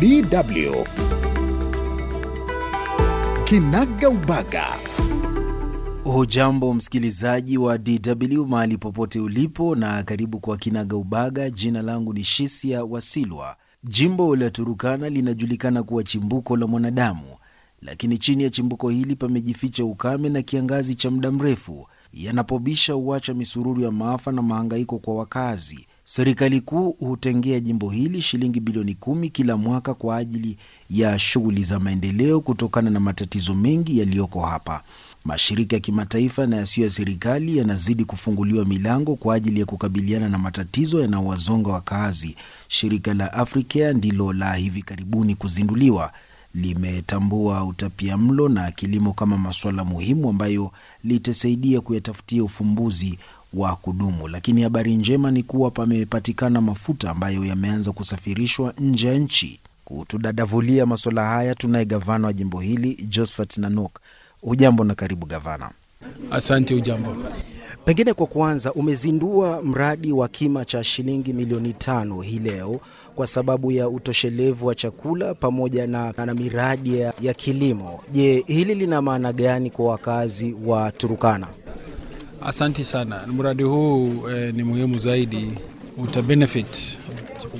DW Kinaga Ubaga. Hujambo msikilizaji wa DW mahali popote ulipo, na karibu kwa Kinaga Ubaga. Jina langu ni Shisia Wasilwa. Jimbo la Turukana linajulikana kuwa chimbuko la mwanadamu, lakini chini ya chimbuko hili pamejificha ukame na kiangazi cha muda mrefu, yanapobisha huacha misururu ya maafa na mahangaiko kwa wakazi Serikali kuu hutengea jimbo hili shilingi bilioni kumi kila mwaka kwa ajili ya shughuli za maendeleo kutokana na matatizo mengi yaliyoko hapa. Mashirika ya kimataifa na yasiyo ya serikali yanazidi kufunguliwa milango kwa ajili ya kukabiliana na matatizo yanayowazonga wakazi. Shirika la Africare ndilo la hivi karibuni kuzinduliwa, limetambua utapia mlo na kilimo kama masuala muhimu ambayo litasaidia kuyatafutia ufumbuzi wa kudumu. Lakini habari njema ni kuwa pamepatikana mafuta ambayo yameanza kusafirishwa nje ya nchi. Kutudadavulia masuala haya tunaye gavana wa jimbo hili Josephat Nanok. ujambo na karibu gavana. Asante. ujambo Pengine kwa kwanza umezindua mradi wa kima cha shilingi milioni tano hii leo kwa sababu ya utoshelevu wa chakula pamoja na, na miradi ya kilimo. Je, hili lina maana gani kwa wakazi wa Turukana? Asanti sana. Mradi huu eh, ni muhimu zaidi, utabenefit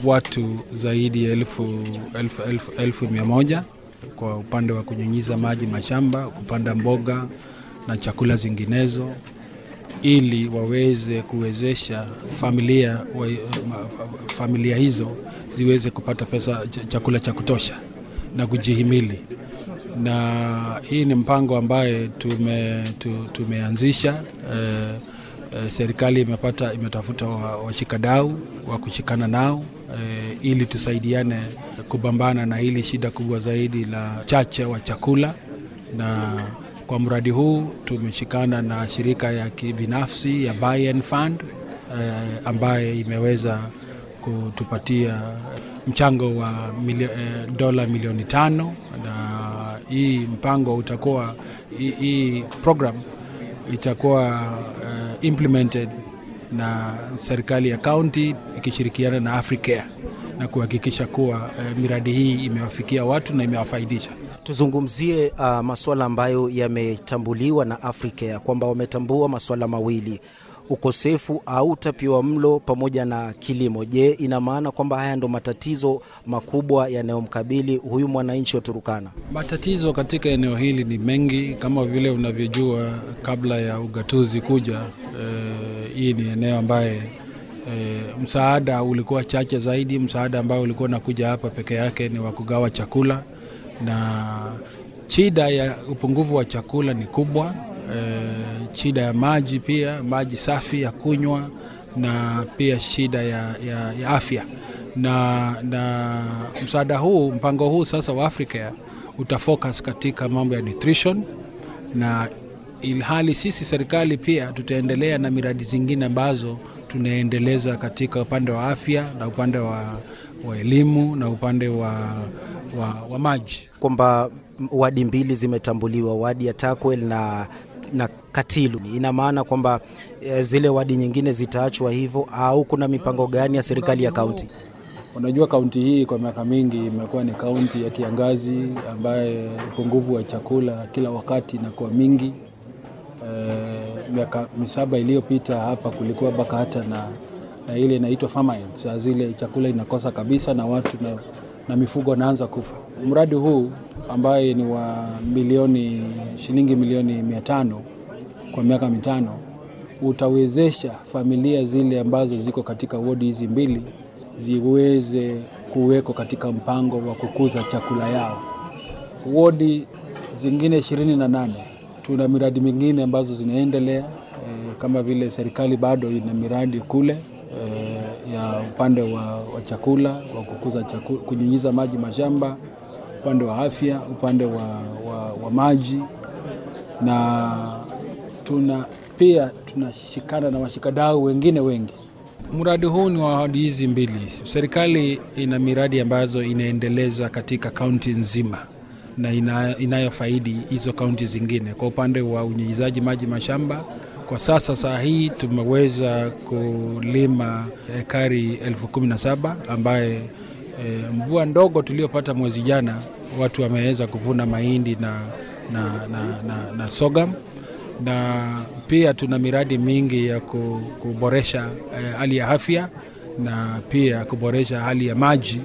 watu zaidi ya elfu, elfu, elfu, elfu mia moja kwa upande wa kunyunyiza maji mashamba, kupanda mboga na chakula zinginezo, ili waweze kuwezesha familia, wa, familia hizo ziweze kupata pesa chakula cha kutosha na kujihimili na hii ni mpango ambaye tume, tu, tumeanzisha e, e, serikali imepata imetafuta washikadau wa, wa kushikana nao e, ili tusaidiane kupambana na hili shida kubwa zaidi la chache wa chakula na kwa mradi huu tumeshikana na shirika ya kibinafsi ya Fund eh, ambaye imeweza kutupatia mchango wa milio, eh, dola milioni tano na hii mpango utakuwa, hii program itakuwa uh, implemented na serikali ya kaunti ikishirikiana na Africare na kuhakikisha kuwa uh, miradi hii imewafikia watu na imewafaidisha. Tuzungumzie uh, ah, masuala ambayo yametambuliwa na Africare kwamba wametambua masuala mawili ukosefu au utapiwa mlo pamoja na kilimo. Je, ina maana kwamba haya ndo matatizo makubwa yanayomkabili huyu mwananchi wa Turukana? Matatizo katika eneo hili ni mengi, kama vile unavyojua, kabla ya ugatuzi kuja, e, hii ni eneo ambaye e, msaada ulikuwa chache zaidi. Msaada ambao ulikuwa unakuja hapa peke yake ni wa kugawa chakula, na shida ya upungufu wa chakula ni kubwa e, shida ya maji pia maji safi ya kunywa na pia shida ya, ya, ya afya na, na msaada huu mpango huu sasa wa afrika utafocus katika mambo ya nutrition na ilhali sisi serikali pia tutaendelea na miradi zingine ambazo tunaendeleza katika upande wa afya na upande wa, wa elimu na upande wa, wa, wa maji kwamba wadi mbili zimetambuliwa, wadi ya Takwel na na Katilu. Ina maana kwamba eh, zile wadi nyingine zitaachwa hivyo, au kuna mipango gani ya serikali ya kaunti? Unajua, kaunti hii kwa miaka mingi imekuwa ni kaunti ya kiangazi, ambaye upungufu wa chakula kila wakati inakuwa mingi. E, miaka misaba iliyopita hapa kulikuwa mpaka hata na, na ile inaitwa famine, saa zile chakula inakosa kabisa na watu na na mifugo wanaanza kufa. Mradi huu ambaye ni wa milioni shilingi milioni mia tano kwa miaka mitano utawezesha familia zile ambazo ziko katika wodi hizi mbili ziweze kuwekwa katika mpango wa kukuza chakula yao. Wodi zingine ishirini na nane tuna miradi mingine ambazo zinaendelea e, kama vile serikali bado ina miradi kule e, ya upande wa, wa chakula wa kukuza chakula, kunyunyiza maji mashamba, upande wa afya, upande wa, wa, wa maji na tuna pia tunashikana na washikadau wengine wengi. Mradi huu ni wa ahadi hizi mbili. Serikali ina miradi ambazo inaendeleza katika kaunti nzima na ina, inayofaidi hizo kaunti zingine kwa upande wa unyunyizaji maji mashamba kwa sasa saa hii tumeweza kulima ekari elfu kumi na saba ambaye e, mvua ndogo tuliopata mwezi jana watu wameweza kuvuna mahindi na, na, na, na, na sogam na pia tuna miradi mingi ya kuboresha eh, hali ya afya na pia kuboresha hali ya maji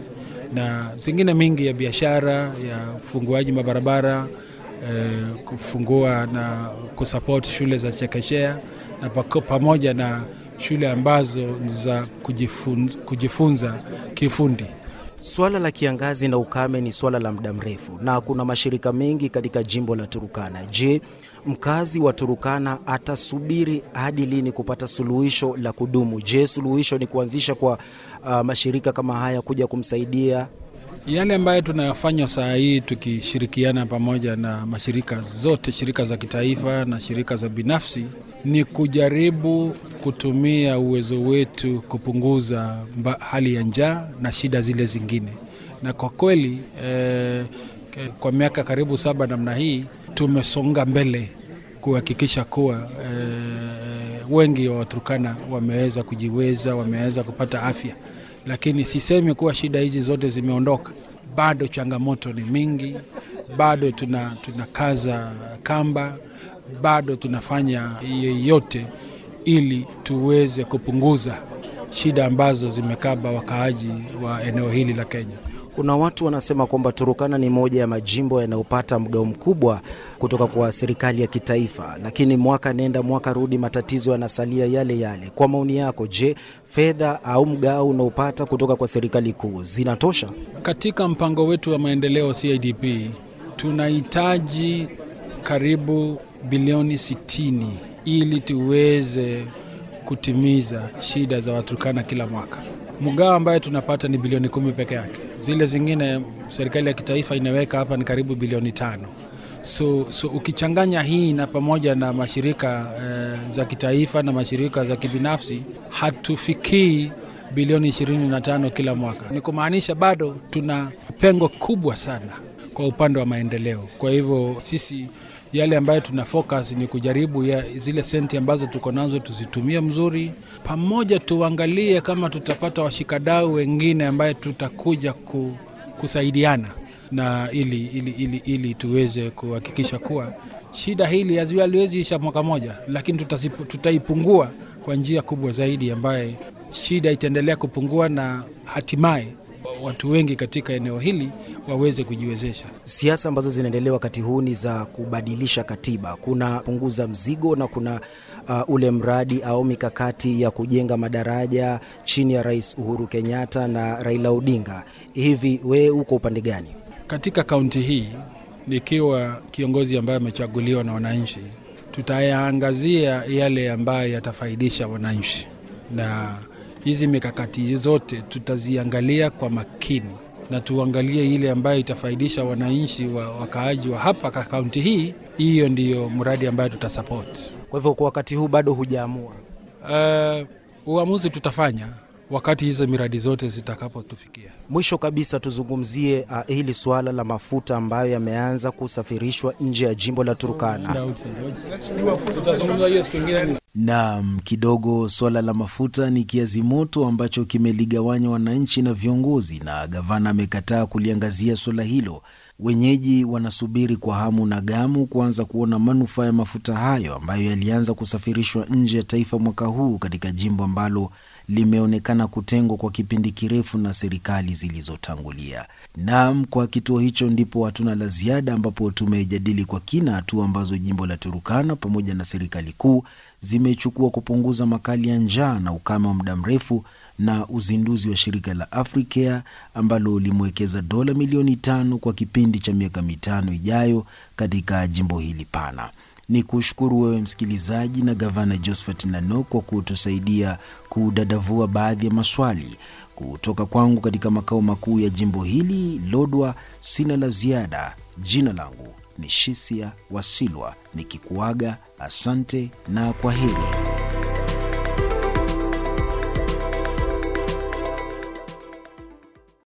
na zingine mingi ya biashara ya ufunguaji mabarabara. Eh, kufungua na kusupport shule za chekechea na pamoja na shule ambazo ni za kujifunza, kujifunza kifundi. Swala la kiangazi na ukame ni swala la muda mrefu na kuna mashirika mengi katika jimbo la Turukana. Je, mkazi wa Turukana atasubiri hadi lini kupata suluhisho la kudumu? Je, suluhisho ni kuanzisha kwa uh, mashirika kama haya kuja kumsaidia yale ambayo tunayafanya saa hii tukishirikiana pamoja na mashirika zote, shirika za kitaifa na shirika za binafsi, ni kujaribu kutumia uwezo wetu kupunguza mba, hali ya njaa na shida zile zingine. Na kwa kweli eh, kwa miaka karibu saba namna hii tumesonga mbele kuhakikisha kuwa eh, wengi wa Waturkana wameweza kujiweza, wameweza kupata afya lakini sisemi kuwa shida hizi zote zimeondoka. Bado changamoto ni mingi, bado tuna kaza kamba, bado tunafanya yeyote ili tuweze kupunguza shida ambazo zimekaba wakaaji wa eneo hili la Kenya. Kuna watu wanasema kwamba Turukana ni moja ya majimbo yanayopata mgao mkubwa kutoka kwa serikali ya kitaifa, lakini mwaka nenda mwaka rudi, matatizo yanasalia yale yale. Kwa maoni yako, je, fedha au mgao unaopata kutoka kwa serikali kuu zinatosha? Katika mpango wetu wa maendeleo CIDP tunahitaji karibu bilioni 60 ili tuweze kutimiza shida za waturukana kila mwaka mgao ambayo tunapata ni bilioni kumi peke yake. Zile zingine serikali ya kitaifa inaweka hapa ni karibu bilioni tano. So, so ukichanganya hii na pamoja na mashirika eh, za kitaifa na mashirika za kibinafsi hatufikii bilioni 25 kila mwaka. Ni kumaanisha bado tuna pengo kubwa sana kwa upande wa maendeleo. Kwa hivyo sisi yale ambayo tuna focus ni kujaribu ya zile senti ambazo tuko nazo tuzitumie mzuri, pamoja tuangalie kama tutapata washikadau wengine ambaye tutakuja ku, kusaidiana na ili, ili, ili, ili tuweze kuhakikisha kuwa shida hili haliwezi isha mwaka moja, lakini tutaipungua kwa njia kubwa zaidi, ambaye shida itaendelea kupungua na hatimaye watu wengi katika eneo hili waweze kujiwezesha. Siasa ambazo zinaendelea wakati huu ni za kubadilisha katiba, kuna punguza mzigo na kuna uh, ule mradi au mikakati ya kujenga madaraja chini ya Rais Uhuru Kenyatta na Raila Odinga. Hivi wewe uko upande gani katika kaunti hii? Nikiwa kiongozi ambaye amechaguliwa na wananchi, tutayaangazia yale ambayo yatafaidisha wananchi na Hizi mikakati zote tutaziangalia kwa makini na tuangalie ile ambayo itafaidisha wananchi wa wakaaji wa hapa kaunti hii. Hiyo ndiyo mradi ambayo tutasupport. Kwa hivyo kwa wakati huu bado hujaamua? Uh, uamuzi tutafanya wakati hizo miradi zote zitakapotufikia. Mwisho kabisa, tuzungumzie uh, hili suala la mafuta ambayo yameanza kusafirishwa nje ya jimbo la Turkana. Tutazungumza hiyo siku ingine. Naam, kidogo suala la mafuta ni kiazi moto ambacho kimeligawanya wananchi na viongozi, na gavana amekataa kuliangazia suala hilo. Wenyeji wanasubiri kwa hamu na gamu kuanza kuona manufaa ya mafuta hayo ambayo yalianza kusafirishwa nje ya taifa mwaka huu katika jimbo ambalo limeonekana kutengwa kwa kipindi kirefu na serikali zilizotangulia. Naam, kwa kituo hicho ndipo hatuna la ziada, ambapo tumejadili kwa kina hatua ambazo jimbo la Turukana pamoja na serikali kuu zimechukua kupunguza makali ya njaa na ukame wa muda mrefu na uzinduzi wa shirika la Africare ambalo limewekeza dola milioni tano kwa kipindi cha miaka mitano ijayo katika jimbo hili pana ni kushukuru wewe msikilizaji na gavana Josphat Nano kwa kutusaidia kudadavua baadhi ya maswali kutoka kwangu katika makao makuu ya jimbo hili Lodwa. Sina la ziada. Jina langu ni Shisia Wasilwa, nikikuaga asante na kwa heri.